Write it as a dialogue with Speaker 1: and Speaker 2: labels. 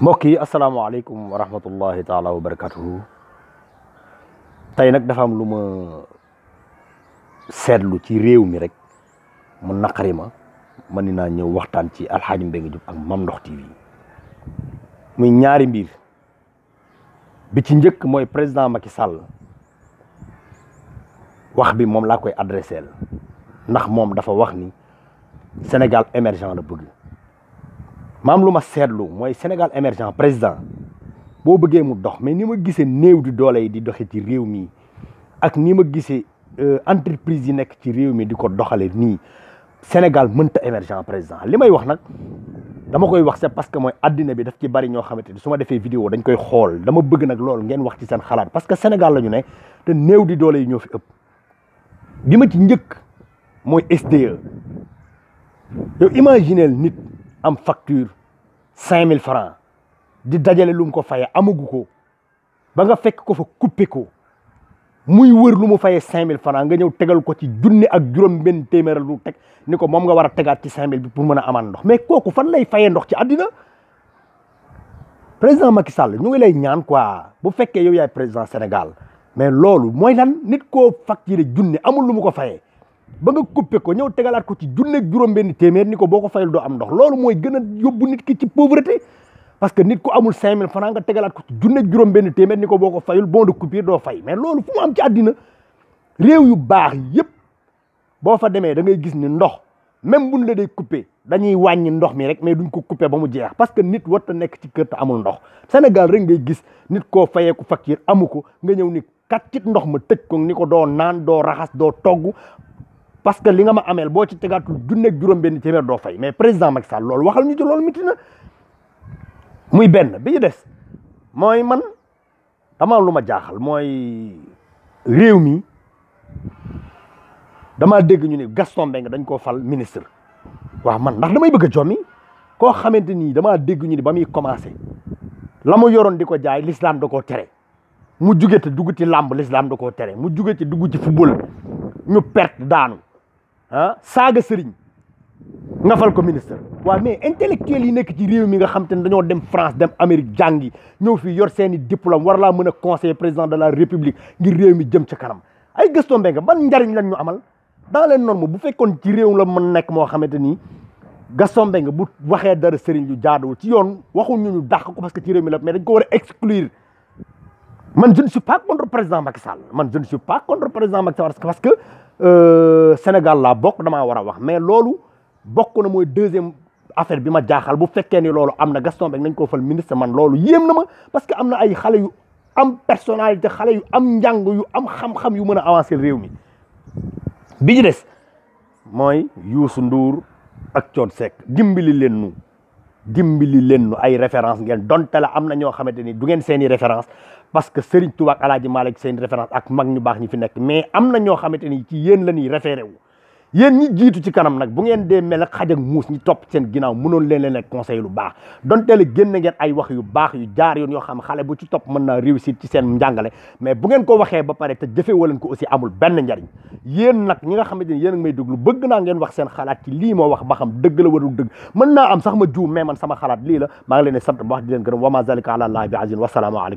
Speaker 1: mbokk yi asalaamaaleykum wa rahmatullahi taala wa barakatuhu tey nag dafa am lu ma seetlu ci réew mi rek mu naqari ma mën naa ñëw waxtaan ci alxaaji Mbengue Diop ak Mame Ndokh TV muy ñaari mbir bi ci njëkk mooy président Macky Sall wax bi moom laa koy adressé ndax moom dafa wax ni Sénégal émergent la bëgg maam lu ma seetlu mooy Sénégal émergent président boo bëggee mu dox mais ni ma gisee néew di doole yi di doxe ci réew mii ak nii ma gisee euh, entreprise yi nekk ci réew mi di ko doxalee nii Sénégal mënta émergent président li may wax nag dama koy wax c'est parce que mooy addina bi daf ci bari ñoo xamante ni su ma defee vidéo dañ koy xool dama bëgg nag loolu ngeen wax ci seen xalaat parce que Sénégal la ñu ne te néew di doole yi ñoo fi ëpp bi ma ci njëkk mooy SDE am facture cinq mille francs di dajale lu ko faye amagu ko ba nga fekk ko fa coupé ko muy wër lu mu fayee cinq mille francs nga ñëw tegal ko ci junne ak juróom benn téeméer lu teg ni ko moom nga war a tegaat ci cinq mille bi pour mën a amaan ndox mais kooku fan lay fayee ndox ci àddina président Macky Sall ñu ngi lay ñaan quoi bu fekkee yow yaay président Sénégal mais loolu mooy lan nit ko facturé junni amul lu mu ko fayee ba nga coupé ko ñëw tegalaat ko ci junneeg juróom benn téeméer ni ko boo ko fayal doo am ndox loolu mooy gën a yóbbu nit ki ci pauvreté parce que nit ku amul cinq mille nga tegalaat ko ci junneeg juróom ko boo ko fayul bon doo fay mais loolu fu mu am réew yu baax yëpp boo fa demee da gis ni ndox même buñ la day coupé dañuy wàññi ndox mi rek mais duñ ko coupé ba mu jeex parce que nit warta nekk ci kër amul ndox Sénégal rek ngay gis nit koo fayeeku facture amu ko nga ñëw ni kaccit ndox ma tëj ko ni ko doo naan doo raxas doo togg parce que li nga ma ameel boo ci tegaatul junneeg juróom-benn téeméer doo fay mais président Macky Sall loolu waxal ñu ci loolu miti muy benn bi ñu des mooy man dama lu ma jaaxal mooy réew mi dama dégg ñu ne Gaston Mbengue dañ koo fal ministre. waaw man ndax damay bëgg a jommi koo xamante ni dama dégg ñu ni ba muy commencé la mu yoroon di ko jaay l'islam da koo tere mu juge te dugg ci làmb l'islam da koo tere mu juge ci dugg ci football ñu perte daanu. ah saaga sëriñ nga fal ko ministre waaw mais intellectuel yi nekk ci réew mi nga xam te ne dañoo dem France dem Amérique jàngi ñëw fii yor seeni diplôme war laa mën a conseiller président de la république ngir réew mi jëm ca kanam ay Gaston Mbengue ban njariñ lañ ñu amal dans les normes bu fekkoon ci réew la mën nekk moo xamante ni Gaston Mbengue bu waxee dara sëriñ lu jaadoo ci yoon waxuñu ñu dàq ko parce que ci réew la mais dañ ko war a exclure man je ne suis pas contre président Macky man je ne suis pas contre président Euh, Sénégal laa bokk damaa war a wax mais loolu bokk na mooy deuxième affaire bi ma jaaxal bu fekkee ni loolu am na Gaston Mbengue nañ koo fal ministre man loolu yéem na ma parce que am na ay xale yu am personnalité xale yu am njàng yu am xam-xam yu mën a avancer réew mi bi des mooy Youssou nduur ak Thione Seck dimbali leen nu dimbali leen nu ay référence ngeen donte tala am na ñoo xamante ni du ngeen seeni référence parce que Serigne Touba ak Alaaji Malick seeni référence ak mag ñu baax ñi fi nekk mais am na ñoo xamante ni ci yéen la ñuy référé wu yéen ñi jiitu ci kanam nag bu ngeen dee mel ak xaj ak muus ñi topp seen ginnaaw mënoon leen leen ak lu baax donte la génn ngeen ay wax yu baax yu jaar yoon yoo xam xale bu ci topp mën naa réussir ci seen njàngale mais bu ngeen ko waxee ba pare te jëfe waleen ko aussi amul benn njariñ yéen nag ñi nga xamante ni yéen a ngi may déglu bëgg naa ngeen wax seen xalaat ci lii moo wax ba xam dëgg la warul dëgg mën naa am sax ma juum mais man sama xalaat lii la maa ngi leen di sant ba wax di leen gërëm wa ma zalika ala allahi